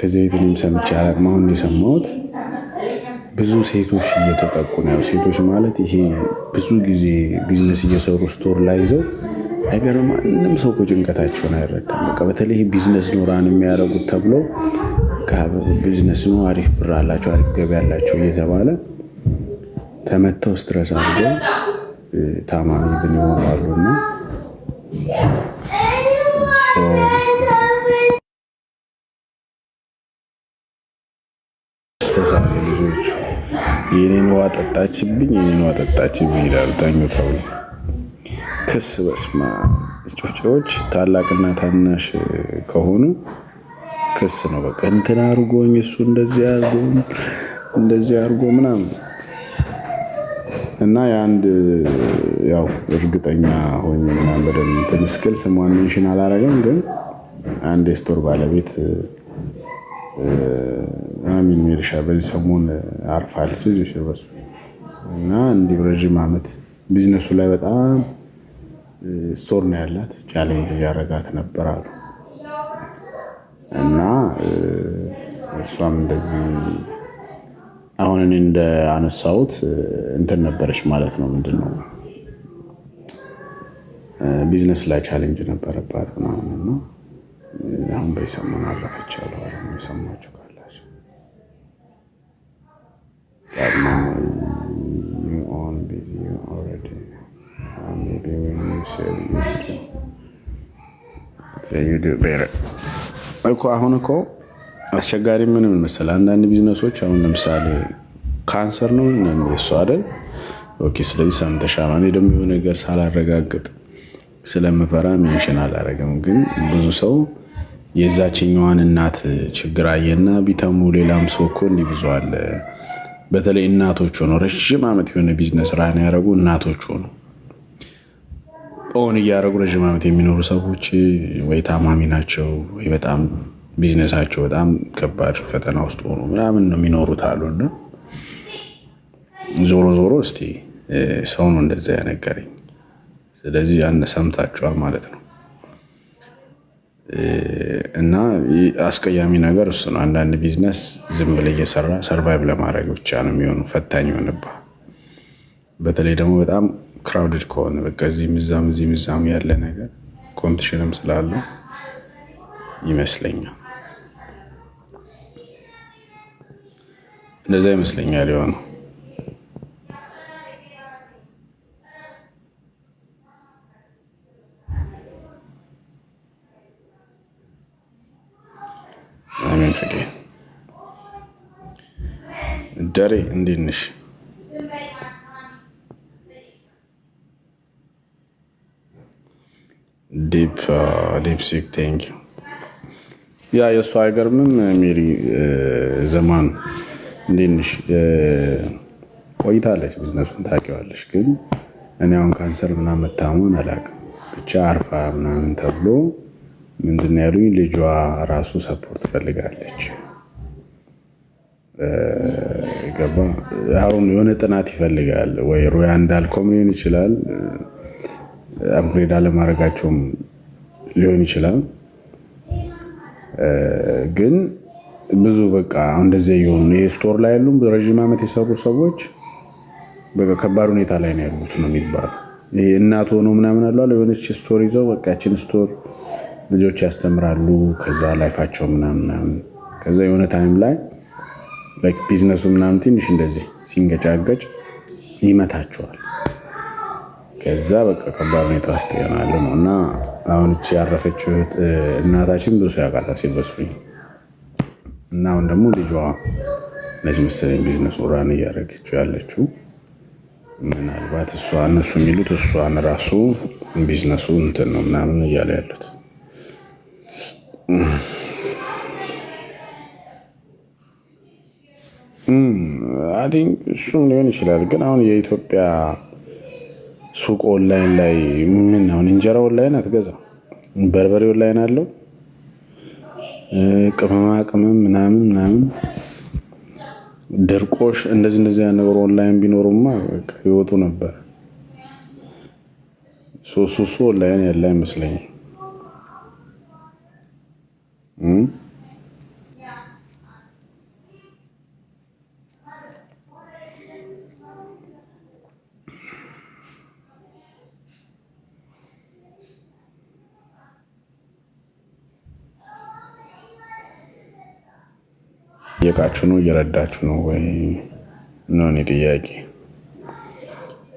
ከዚህ ቤት እኔም ሰምቼ አላቅም። አሁን የሰማሁት ብዙ ሴቶች እየተጠቁ ነው። ሴቶች ማለት ይሄ ብዙ ጊዜ ቢዝነስ እየሰሩ ስቶር ላይ ይዘው ነገር ማንም ሰው ጭንቀታቸውን አይረዳም። በቃ በተለይ ቢዝነስ ኖራን ራን የሚያደርጉት ተብለው ቢዝነስ ነው አሪፍ ብር አላቸው አሪፍ ገቢ አላቸው እየተባለ ተመተው ስትረስ አድርገው ታማሚ ብን ይሆናሉና የኔን ውሃ ጠጣችብኝ፣ የኔን ውሃ ጠጣችብኝ ይላል ዳኞታዊ ክስ በስማ ጮጮዎች ታላቅና ታናሽ ከሆኑ ክስ ነው። በቃ እንትን አርጎኝ እሱ እንደዚህ አርጎ እንደዚህ አርጎ ምናምን እና የአንድ ያው እርግጠኛ ሆኜ ምናምን በደንብ እንትን ስቅል ስሟን ሜንሽን አላረገም፣ ግን አንድ የስቶር ባለቤት አሚን ሜርሻ በዚህ ሰሞን አርፋለች። እዚህ ሸበሱ እና እንዲሁ ረዥም ዓመት ቢዝነሱ ላይ በጣም ስቶር ነው ያላት ቻሌንጅ እያረጋት ነበር አሉ እና እሷም እንደዚህ አሁን እኔ እንደ እንደአነሳሁት እንትን ነበረች ማለት ነው። ምንድን ነው ቢዝነስ ላይ ቻሌንጅ ነበረባት ምናምን ነው አሁን በሰሞኑ አረፈች ያለ የሰማችሁ ካላችሁ እኮ አሁን እኮ አስቸጋሪ ምንም መሰለህ፣ አንዳንድ ቢዝነሶች አሁን ለምሳሌ ካንሰር ነው እሷ አይደል? ኦኬ። ስለዚህ ሰምተሻል። እኔ ደግሞ የሆነ ነገር ሳላረጋግጥ ስለምፈራ ሜንሽን አላረግም። ግን ብዙ ሰው የዛችኛዋን እናት ችግር አየና ቢተሙ ሌላም ሰው እኮ እንዲህ ብዙ አለ። በተለይ እናቶች ሆኖ ረዥም ዓመት የሆነ ቢዝነስ ራን ያደረጉ እናቶች ሆኖ ኦን እያደረጉ ረዥም ዓመት የሚኖሩ ሰዎች ወይ ታማሚ ናቸው ወይ በጣም ቢዝነሳቸው በጣም ከባድ ፈተና ውስጥ ሆኖ ምናምን ነው የሚኖሩት አሉና ዞሮ ዞሮ እስቲ ሰው ነው እንደዛ ያነገረኝ። ስለዚህ ያን ሰምታችኋል ማለት ነው። እና አስቀያሚ ነገር እሱ ነው። አንዳንድ ቢዝነስ ዝም ብለህ እየሰራ ሰርቫይቭ ለማድረግ ብቻ ነው የሚሆኑ ፈታኝ የሆነብህ። በተለይ ደግሞ በጣም ክራውድድ ከሆነ በቃ እዚህም ምዛም እዚህም ምዛም ያለ ነገር ኮምፒቲሽንም ስላሉ ይመስለኛል እንደዛ ይመስለኛል የሆነው ዳሬ እንዴት ነሽ? ዲፕ ቴንክ ያ የእሱ አይገርምም። ሜሪ ዘማን እንዴት ነሽ? ቆይታለች፣ ቢዝነሱን ታውቂዋለሽ። ግን እኔ አሁን ካንሰር ምናምን መታመን አላውቅም፣ ብቻ አርፋ ምናምን ተብሎ ምንድን ነው ያሉኝ። ልጇ ራሱ ሰፖርት ፈልጋለች ገባ አሁን የሆነ ጥናት ይፈልጋል ወይ ሩያ እንዳልከም ሊሆን ይችላል፣ አፕግሬድ አለማድረጋቸውም ሊሆን ይችላል። ግን ብዙ በቃ እንደዚ የሆኑ የስቶር ላይ ያሉም ረዥም ዓመት የሰሩ ሰዎች ከባድ ሁኔታ ላይ ነው ያሉት ነው የሚባሉ ይሄ እናት ሆኖ ምናምን አለ የሆነች ስቶር ይዘው በቃ ያችን ስቶር ልጆች ያስተምራሉ። ከዛ ላይፋቸው ምናምን ከዛ የሆነ ታይም ላይ ቢዝነሱ ምናምን ትንሽ እንደዚህ ሲንገጫገጭ ይመታቸዋል። ከዛ በቃ ከባድ ሁኔታ ውስጥ ይሆናሉ ነው እና አሁን እቺ ያረፈችው እናታችን ብዙ ያውቃታ ሲበስብኝ እና አሁን ደግሞ ልጇ ነች መሰለኝ ቢዝነስ ራን እያደረገችው ያለችው ምናልባት እሷ እነሱ የሚሉት እሷን ራሱ ቢዝነሱ እንትን ነው ምናምን እያለ ያሉት አይ ቲንክ እሱም ሊሆን ይችላል። ግን አሁን የኢትዮጵያ ሱቅ ኦንላይን ላይ ምን አሁን እንጀራ ኦንላይን አትገዛ፣ በርበሬ ኦንላይን አለው፣ ቅመማ ቅመም ምናምን ምናምን፣ ድርቆሽ እንደዚህ እንደዚህ ያ ነገር ኦንላይን ቢኖሩማ ይወጡ ነበር። ሱሱ ኦንላይን ያለ አይመስለኝም። እየቃችሁ ነው? እየረዳችሁ ነው ወይ ነው እኔ ጥያቄ።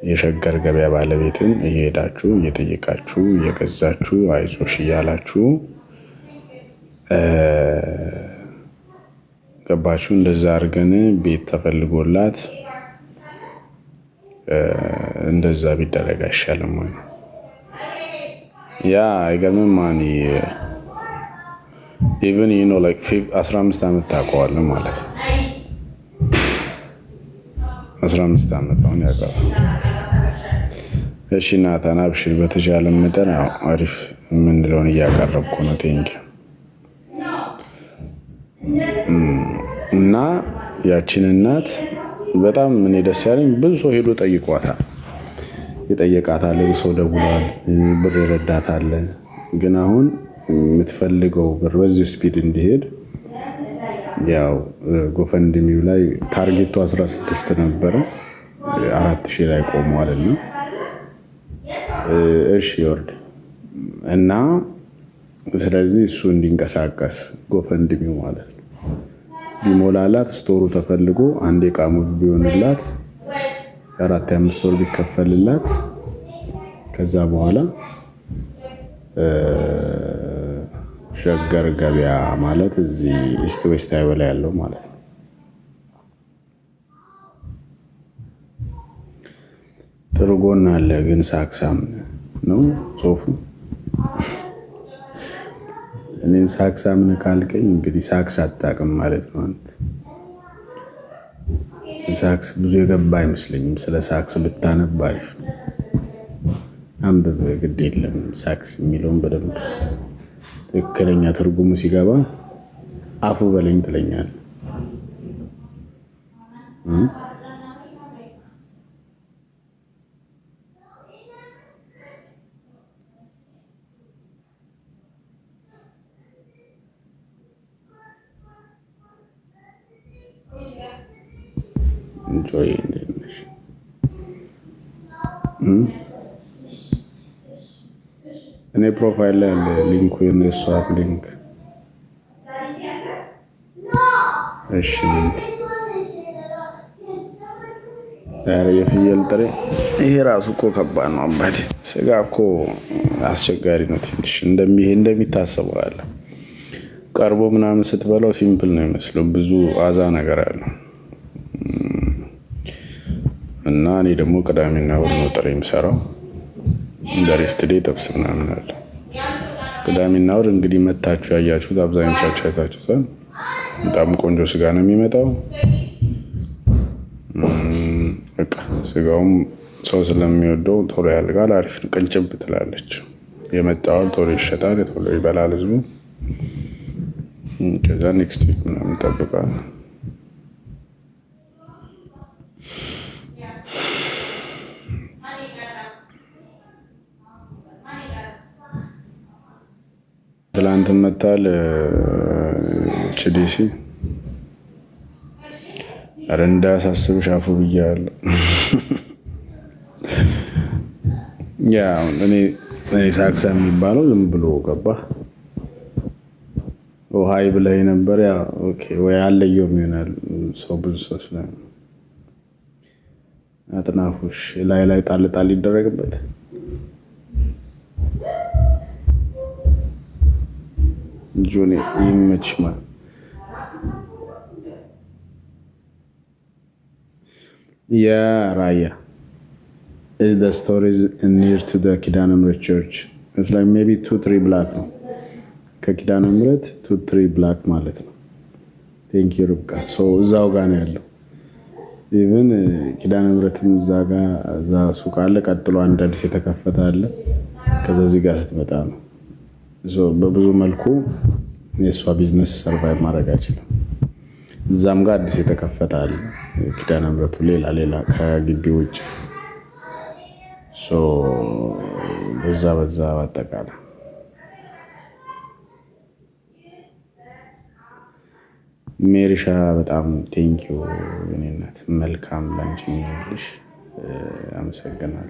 የሸገር ገበያ ባለቤትን እየሄዳችሁ እየጠየቃችሁ እየገዛችሁ አይዞሽ እያላችሁ ገባችሁ። እንደዛ አድርገን ቤት ተፈልጎላት እንደዛ ቢደረግ አይሻልም ወይ? ያ አይገርምም ማን ኢቨን ዩ ነው ላይክ 15 ዓመት ታውቀዋለህ ማለት ነው። 15 ዓመት አሁን ያውቃል። እሺ ናታን አብሽር፣ በተቻለ መጠን አሪፍ የምንለውን እያቀረብኩ ነው። ቴንኪ እና ያችን እናት በጣም እኔ ደስ ያለኝ ብዙ ሰው ሄዶ ጠይቋታል። የጠየቃት ሰው ደውሏል፣ ብር ይረዳታል። ግን አሁን የምትፈልገው ብር በዚህ ስፒድ እንዲሄድ ያው ጎፈንድሚው ላይ ታርጌቱ 16 ነበረ፣ አራት ላይ ቆመዋል። እና እሺ ይወርድ እና ስለዚህ እሱ እንዲንቀሳቀስ ጎፈንድሚው ማለት ነው። ቢሞላላት ስቶሩ ተፈልጎ አንድ የቃሙ ቢሆንላት አራት አምስት ወር ቢከፈልላት ከዛ በኋላ ሸገር ገበያ ማለት እዚህ ኢስት ዌስት ሃይዌይ ላይ ያለው ማለት ነው። ጥሩ ጎን አለ ግን ሳክሳም ነው ጽሁፉ። እኔን ሳክሳምን ካልከኝ እንግዲህ ሳክስ አታውቅም ማለት ነው። ሳክስ ብዙ የገባ አይመስለኝም። ስለ ሳክስ ብታነባ አሪፍ ነው። አንብብ፣ ግድ የለም ሳክስ የሚለውን በደንብ ትክክለኛ ትርጉሙ ሲገባ አፉ በለኝ ትለኛል። እንጆይ እኔ ፕሮፋይል ላይ አለ ሊንኩ የነሱ ሊንክ። እሺ ኧረ የፍየል ጥሬ ይሄ ራሱ እኮ ከባድ ነው አባቴ። ስጋ እኮ አስቸጋሪ ነው ትንሽ እንደሚታሰበው አለ ቀርቦ ምናምን ስትበላው ሲምፕል ነው ይመስለው ብዙ አዛ ነገር አለው እና እኔ ደግሞ ቅዳሜና እሑድ ነው ጥሬ የምሰራው እንደ ሬስት ዴይ ጥብስ ምናምን አለ። ቅዳሜና እሑድ እንግዲህ መታችሁ ያያችሁት አብዛኞቻችሁ አይታችሁታል። በጣም ቆንጆ ስጋ ነው የሚመጣው። በቃ ስጋውም ሰው ስለሚወደው ቶሎ ያልጋል። አሪፍ ቅልጭብ ትላለች። የመጣዋል ቶሎ ይሸጣል፣ ቶሎ ይበላል ህዝቡ። ከዛ ኔክስት ዊክ ምናምን ይጠብቃል። እንትን መታል ጭዴሲ ኧረ እንዳያሳስብሽ አፉ ብያለሁ። ያ እኔ ሳክሳ የሚባለው ዝም ብሎ ገባ ውሃይ ብለህ ነበር። ያ ኦኬ ወይ አለየውም ይሆናል ሰው ብዙ ሰው ስለ አጥናፉሽ ላይ ላይ ጣል ጣል ይደረግበት ጆኔ ይመችሽ ማለት የራያ ስቶሪዝ ኒር ቱ ኪዳነ ምሕረት ቸርች ሜይ ቢ ቱ ትሪ ብላክ ነው። ከኪዳነ ምሕረት ቱ ትሪ ብላክ ማለት ነው። ቴንክ ዩ ርብቃ። እዛው ጋ ነው ያለው። ኢቨን ኪዳነ ምሕረትም እዛ ጋ እዛ ሱቅ አለ። ቀጥሎ አንድ አዲስ የተከፈተ አለ። ከዛ እዚህ ጋ ስትመጣ ነው በብዙ መልኩ የእሷ ቢዝነስ ሰርቫይቭ ማድረግ አይችልም። እዛም ጋር አዲስ የተከፈታል ኪዳነ ምሕረቱ ሌላ ሌላ ከግቢ ውጭ በዛ በዛ አጠቃላይ ሜሪሻ በጣም ቴንኪዩ፣ የኔ መልካም ላንቺ ይሁንልሽ። አመሰግናለሁ።